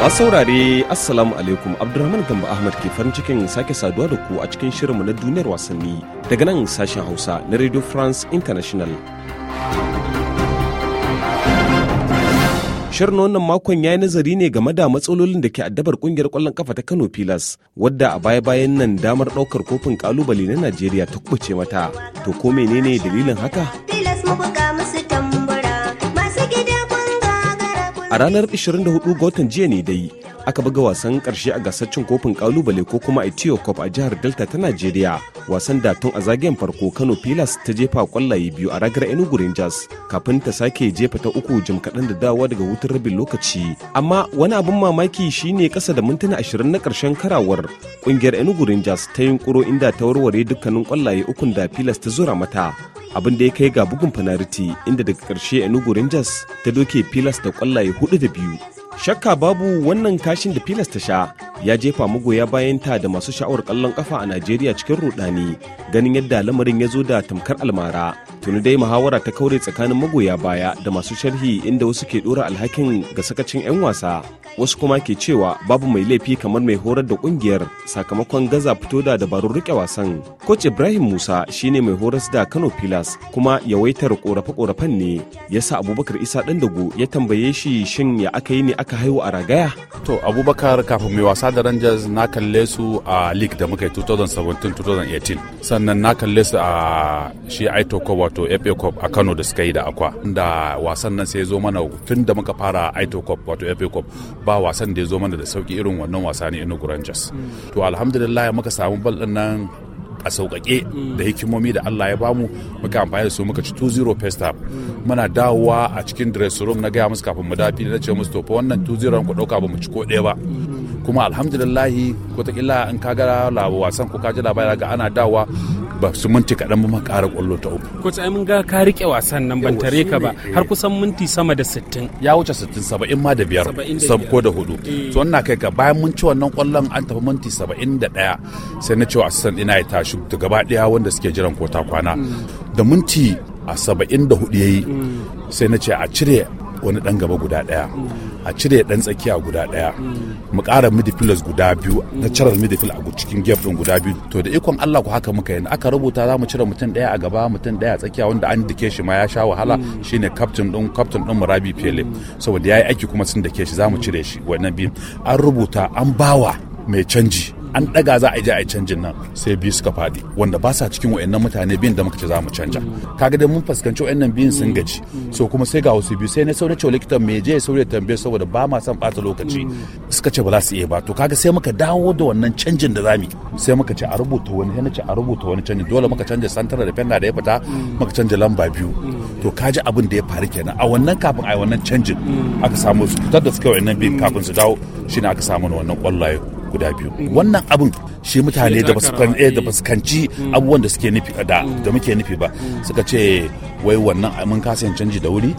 masu saurare assalamu alaikum abdulrahman gamba ahmad ke farin cikin sake saduwa da ku a cikin shirinmu na duniyar wasanni daga nan sashen hausa na radio france international shirin wannan makon ya yi nazari ne game da matsalolin da ke addabar kungiyar kwallon kafa ta kano pilas wadda a baya-bayan nan damar daukar kofin kalubale na najeriya ta kubuce mata to ko menene dalilin haka pilas a ranar 24 ga watan jiya ne dai aka buga wasan karshe a gasar cin kofin kalubale ko kuma itiyo cup a jihar delta ta najeriya wasan da tun a zagayen farko kano pilas ta jefa kwallaye biyu a ragar enugu rangers kafin ta sake jefa ta uku jim kaɗan da dawa daga hutun rabin lokaci amma wani abin mamaki shine kasa da mintuna ashirin na karshen karawar kungiyar enugu rangers ta yunkuro inda ta warware dukkanin kwallaye ukun da pilas ta zura mata abin da ya kai ga bugun fanariti inda daga karshe enugu rangers ta doke pilas da kwallaye hudu da biyu shakka babu wannan kashin da filas ta sha ya jefa magoya bayanta da masu sha'awar kallon kafa a najeriya cikin rudani ganin yadda lamarin ya zo da tamkar almara tuni dai muhawara ta kaure tsakanin magoya baya da masu sharhi inda wasu ke dora alhakin ga sakacin 'yan wasa wasu kuma ke cewa babu mai laifi kamar mai horar da kungiyar sakamakon gaza fito da dabarun rike wasan coach ibrahim musa shine mai horas da kano pilas kuma yawaitar korafe-korafen ne ya sa abubakar isa dan dago ya tambaye shi shin ya aka yi ne aka haihu a ragaya to abubakar kafin mai wasa da rangers na kalle su a league da muka yi 2017-2018 sannan na kalle su a shi aito cup wato fa cup a kano da suka yi da akwa da wasan nan sai zo mana tun da muka fara aito cup wato fa cup ba wasan da ya zo mana da sauki irin wannan wasa ne inu Rangers mm. to alhamdulillah muka samu bal din nan a sauƙaƙe mm. da hikimomi da Allah ya bamu muka amfani da su muka ci 2-0 first half mm. muna dawowa a cikin dressing room na gaya musu kafin mu dafi na ce musu to fa wannan 2-0 ku ɗauka ba mu ci ko ɗaya ba kuma alhamdulillahi ko in ka ga wasan ko ka ji labari ga ana dawa ba su minti kaɗan ba ma ƙara ƙwallo ta uku. ko tsaye mun ga ka riƙe wasan nan ban tare ka ba har eh. kusan minti sama da sittin. Ya wuce sittin saba'in ma da biyar sab ko da hudu. To eh. wannan kai ka bayan mun ci wannan ƙwallon an tafi minti saba'in da ɗaya sai na cewa assistant ina ya tashi da gaba ɗaya wanda suke jiran ko ta kwana. Mm. Da minti a saba'in da hudu ya yi mm. sai na ce a cire wani dan gaba guda daya a cire dan tsakiya guda daya mu kara midfielders guda biyu na cire midfield a cikin gap din guda biyu to da ikon Allah ku haka muka yi aka rubuta za mu cire mutum daya a gaba mutum daya a tsakiya wanda an dike shi ma ya sha wahala mm. shine captain din captain din Murabi Pele saboda yayi aiki kuma sun dake shi za mu cire shi wannan biyu an rubuta an bawa mai canji an daga za a je a canjin nan sai biyu suka fadi wanda ba sa cikin wayannan mutane biyun da muka ce za mu canja kaga dai mun fuskanci wayannan biyun sun gaji so kuma sai ga wasu biyu sai na saurace likitan me je ya saurace tambaye saboda ba ma son bata lokaci suka ce ba za su iya ba to kaga sai muka dawo da wannan canjin da zamu sai muka ce a rubuta wani sai na ce a rubuta wani canjin dole muka canja santar da fenda da ya fita muka canja lamba biyu to kaji abin da ya faru kenan a wannan kafin a wannan canjin aka samu su fitar da suka wayannan biyun kafin su dawo shine aka samu wannan kwallaye guda biyu wannan abin shi mutane da basu eh. kanci mm. abubuwan da suke nufi da mm. muke nufi ba suka ce wai wannan mun kasa canji da wuri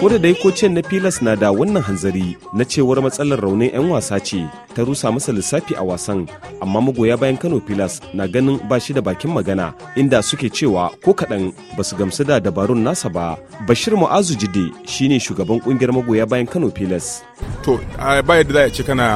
ko da dai kocin na filas na da wannan hanzari na cewar matsalar raunin 'yan wasa ce ta rusa masa lissafi a wasan amma magoya bayan kano filas na ganin ba shi da bakin magana inda suke cewa ko kaɗan ba su gamsu da dabarun nasa ba bashir mu'azu jide shine shugaban kungiyar magoya bayan kano filas to ba yadda za a ce kana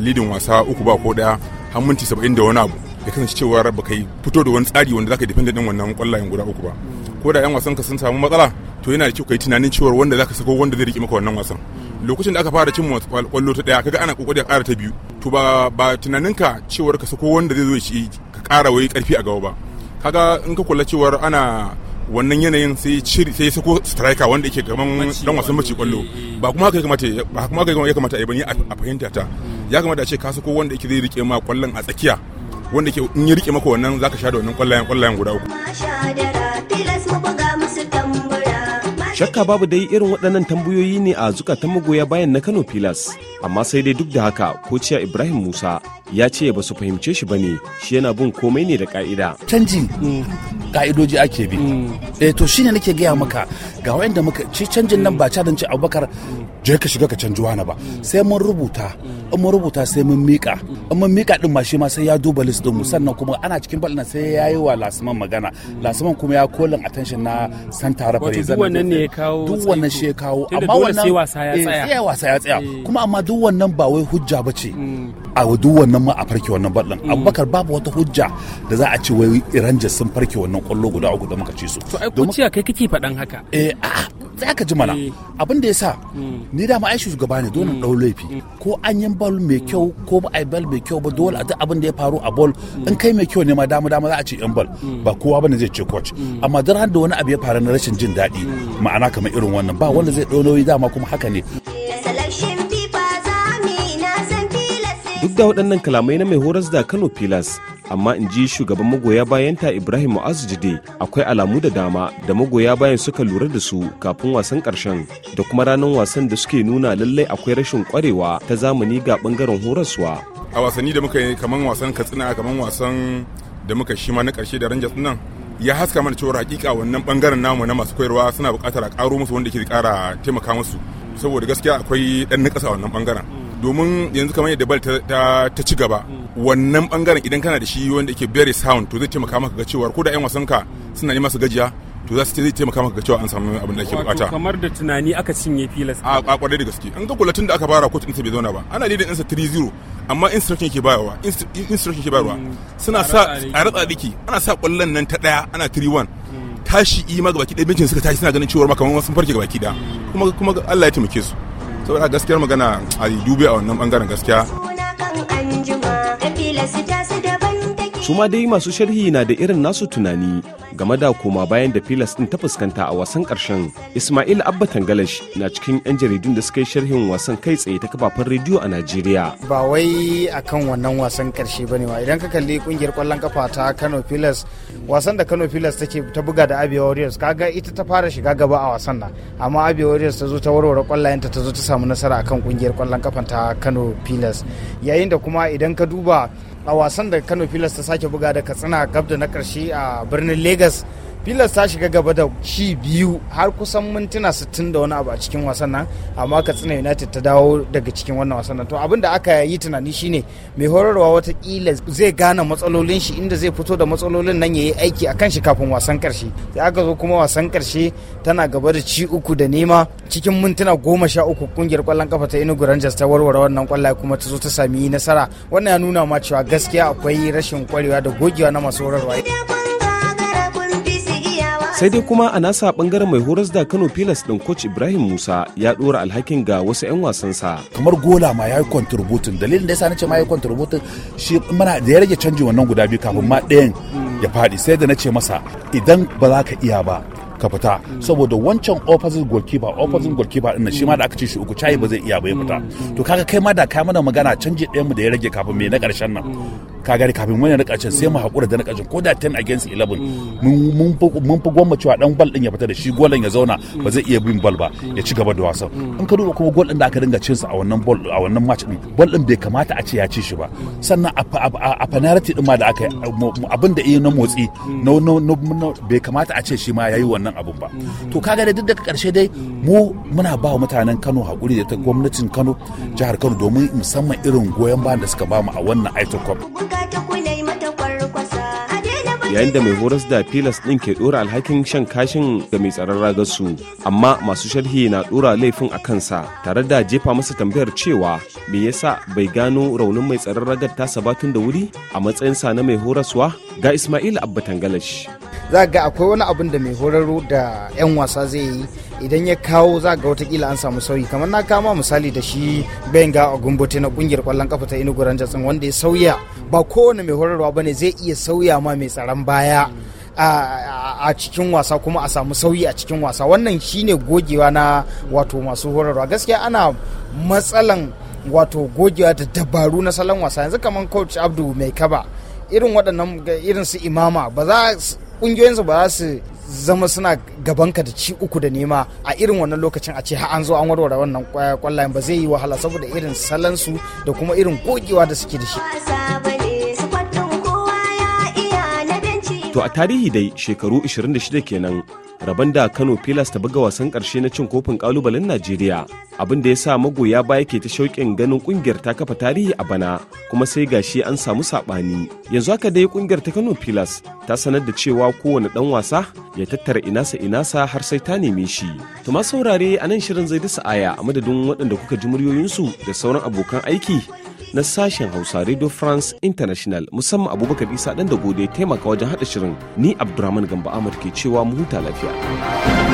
lidin wasa uku ba ko daya har minti saba'in da wani abu ya kasance cewa ba kai fito da wani tsari wanda zaka depend din wannan kwallayen guda uku ba ko da yan wasan ka sun samu matsala to yana da kyau kai tunanin cewa wanda zaka sako wanda zai rike maka wannan wasan lokacin da aka fara cin kwallo ta daya kaga ana kokari a ƙara ta biyu to ba ba tunaninka cewar ka sako wanda zai zo shi ka ƙara wai karfi a gaba ba kaga in ka kula cewar ana wannan yanayin sai ciri sai sako striker wanda yake gaban dan wasan mace kwallo eh, eh. ba kuma haka ya kamata ba kuma haka ya kamata a bani a fahimta ta hmm. ya kamata a ce ka sako wanda yake zai rike ma kwallon a tsakiya wanda yake in ya rike maka wannan zaka sha da wannan kwallayen kwallayen guda uku Shakka babu dai irin waɗannan tambayoyi ne a zukatan magoya bayan na Kano Pilas, amma sai dai duk da haka kociya Ibrahim Musa ya ce ba su fahimce shi ba ne shi yana bin komai ne da ka'ida. Canjin ka'idoji mm, ake bi. Mm. Eh to shine nake gaya maka ga wanda muka ci canjin nan ba cadanci abubakar je ka shiga ka canji wani ba sai mun rubuta in mun rubuta sai mun mika in mun mika din ma shi ma sai ya duba list din mu sannan kuma ana cikin balna sai ya yi wa lasiman magana lasiman kuma ya kolin attention na santa rafa ya duk wannan ne ya kawo duk wannan shi ya kawo amma wannan sai wasa ya eh, tsaya sai wasa ya tsaya eh. kuma amma duk wannan ba wai hujja bace hmm. a duk wannan ma a farke wannan ballan hmm. abubakar babu wata hujja da za a ce wai rangers sun farke wannan kwallo guda uku da muka ci su to ai kuciya kai kake faɗan haka eh a'a za ka ji mana eh. abin da ya sa hmm. ni da ma aishi shugaba ne dole hmm. ɗau laifi hmm. ko an yi bal mai kyau ko ba a bal mai kyau ba dole a duk abin da ya faru a bal in kai mai kyau ne ma dama dama za a ce yan bal ba kowa ne zai ce coach amma duk da wani abu ya faru na rashin jin daɗi ma'ana kamar irin wannan ba wanda zai ɗau nauyi dama kuma haka ne. duk da waɗannan kalamai na mai horas da kano pilas amma in ji shugaban magoya bayanta ibrahim mu'azu jide akwai alamu da dama da magoya bayan suka lura da su kafin wasan karshen da kuma ranar wasan da suke nuna lallai akwai rashin kwarewa ta zamani ga bangaren horaswa a wasanni da muka yi kamar wasan katsina kamar wasan da muka shi ma na karshe da rangers nan ya haska mana cewa hakika wannan bangaren namu na masu koyarwa suna bukatar a karo musu wanda ke kara taimaka musu saboda gaskiya akwai dan na kasa wannan bangaren domin yanzu kamar yadda bal ta ci gaba wannan bangaren idan kana da shi wanda yake bere sound to zai taimaka maka ga cewa ko da yan wasan ka suna neman su gajiya to za su zai taimaka maka ga cewa an samu abin da ake bukata kamar da tunani aka cinye filas a kwarai da gaske an ga kula tun da aka fara kotun sa bai zauna ba ana lidin ɗinsa 3-0 amma instruction ke bayarwa instruction ke bayarwa mm. suna sa tsare tsadiki ana sa kwallon nan ta daya ana 3-1 mm. tashi yi ma gabaki ɗaya bincin suka tashi suna ganin cewar makaman wasu farke gabaki da mm. kuma Allah ya taimake su saboda gaskiyar magana a dubi a wannan bangaren gaskiya. Suna kan anjima, kabila su ta su da su ma dai masu sharhi na da irin nasu tunani game da koma bayan da filas din ta fuskanta a wasan karshen ismail abba tangalash na cikin 'yan jaridun da suka yi sharhin wasan kai tsaye ta kafafen rediyo a najeriya ba wai akan wannan wasan karshe ba ne idan ka kalli kungiyar kwallon kafa ta kano filas wasan da kano filas take ta buga da abia warriors kaga ita ta fara shiga gaba a wasan nan amma abia warriors ta zo ta warware kwallayenta ta zo ta samu nasara akan kungiyar kwallon kafa ta kano filas yayin da kuma idan ka duba a wasan da kano filas ta sake buga da katsina gab da na karshe a birnin Legas. filas ta shiga gaba da ci biyu har kusan mintuna 60 da wani abu a cikin wasan nan amma Katsina United ta dawo daga cikin wannan wasan nan. To abin da aka yi tunani shine mai horarwa watakila zai gane matsalolin shi inda zai fito da matsalolin nan yayi aiki a kan shi kafin wasan karshe. Sai aka zo kuma wasan karshe tana gaba da ci uku da nema cikin mintuna goma sha uku kungiyar kwallon kafa ta Enugu Rangers ta warware wannan kwallaye kuma ta zo ta sami nasara. Wannan ya nuna ma cewa gaskiya akwai rashin kwarewa da gogewa na masu horarwa. sai dai kuma a nasa bangaren mai horas da kano pilas din coach ibrahim musa ya dora alhakin ga wasu 'yan wasan sa. kamar gola ma ya yi contributing dalilin da ya sa ce ma ya yi contributing shi mana da ya rage canji wannan guda biyu kafin ma ɗayan ya faɗi sai da na ce masa idan ba za ka iya ba ka fita saboda wancan opposite goalkeeper opposite goalkeeper din shi ma da aka ce shi uku cayi ba zai iya ba ya fita to kaga kai ma da kai mana magana canji ɗayan mu da ya rage kafin me na ƙarshen nan ka gari kafin wani can sai mu haƙura da nakacin ko da 10 against 11 mun fi gwamma cewa dan bal din ya fita da shi golan ya zauna ba zai iya bin bal ba ya ci gaba da wasan in ka duba kuma gol din da aka dinga cinsa a wannan ball a wannan match din ball din bai kamata a ce ya ci shi ba sannan a penalty din ma da aka abin da iya na motsi bai kamata a ce shi ma yayi wannan abun ba to kaga da duk daga karshe dai mu muna ba wa mutanen Kano hakuri da ta gwamnatin Kano jihar Kano domin musamman irin goyon bayan da suka ba mu a wannan Aito Cup yayin da mai horas da filas din ke ɗora alhakin shan kashin ga mai tsaron ragarsu amma masu sharhi na ɗora laifin a kansa tare da jefa masa tambayar cewa me yasa bai gano raunin mai tsaron ragar tasa ba da wuri a matsayinsa na mai horaswa ga Ismail Abba Tangalash. Za ga akwai wani abin da mai horarro da 'yan wasa zai yi idan ya kawo za ga watakila an samu sauyi kamar na kama misali da shi Benga gumbote na kungiyar kwallon kafa ta Enugu Rangers wanda ya sauya ba kowane mai horarwa bane zai iya sauya ma mai tsaron baya. a cikin wasa kuma a samu sauyi a cikin wasa wannan shine gogewa na wato masu horarwa gaskiya ana matsalan wato gogewa da dabaru na salon wasa yanzu kamar coach abdu mai kaba irin waɗannan irin su imama ba za ba za su zama suna gabanka da ci uku da nema a irin wannan lokacin a ce ha an zo an warware wannan kwallayen ba zai yi wahala saboda irin salansu da kuma irin gogewa da suke da shi. To a tarihi dai shekaru 26 kenan rabon da kano pilas ta buga wasan karshe na cin kofin kalubalen najeriya abin da ya sa magoya baya ke ta shauƙin ganin kungiyar ta kafa tarihi a bana kuma sai gashi an samu saɓani yanzu haka dai kungiyar ta kano pilas ta sanar da cewa kowane ɗan wasa ya tattara inasa inasa har sai ta neme shi to saurare anan shirin zai da aya a madadin waɗanda kuka ji muryoyinsu da sauran abokan aiki na sashen Hausa Radio France International musamman Abubakar Isa dan da gode taimaka wajen haɗa shirin ni Abdurrahman Gamba Ahmad ke cewa mu huta lafiya.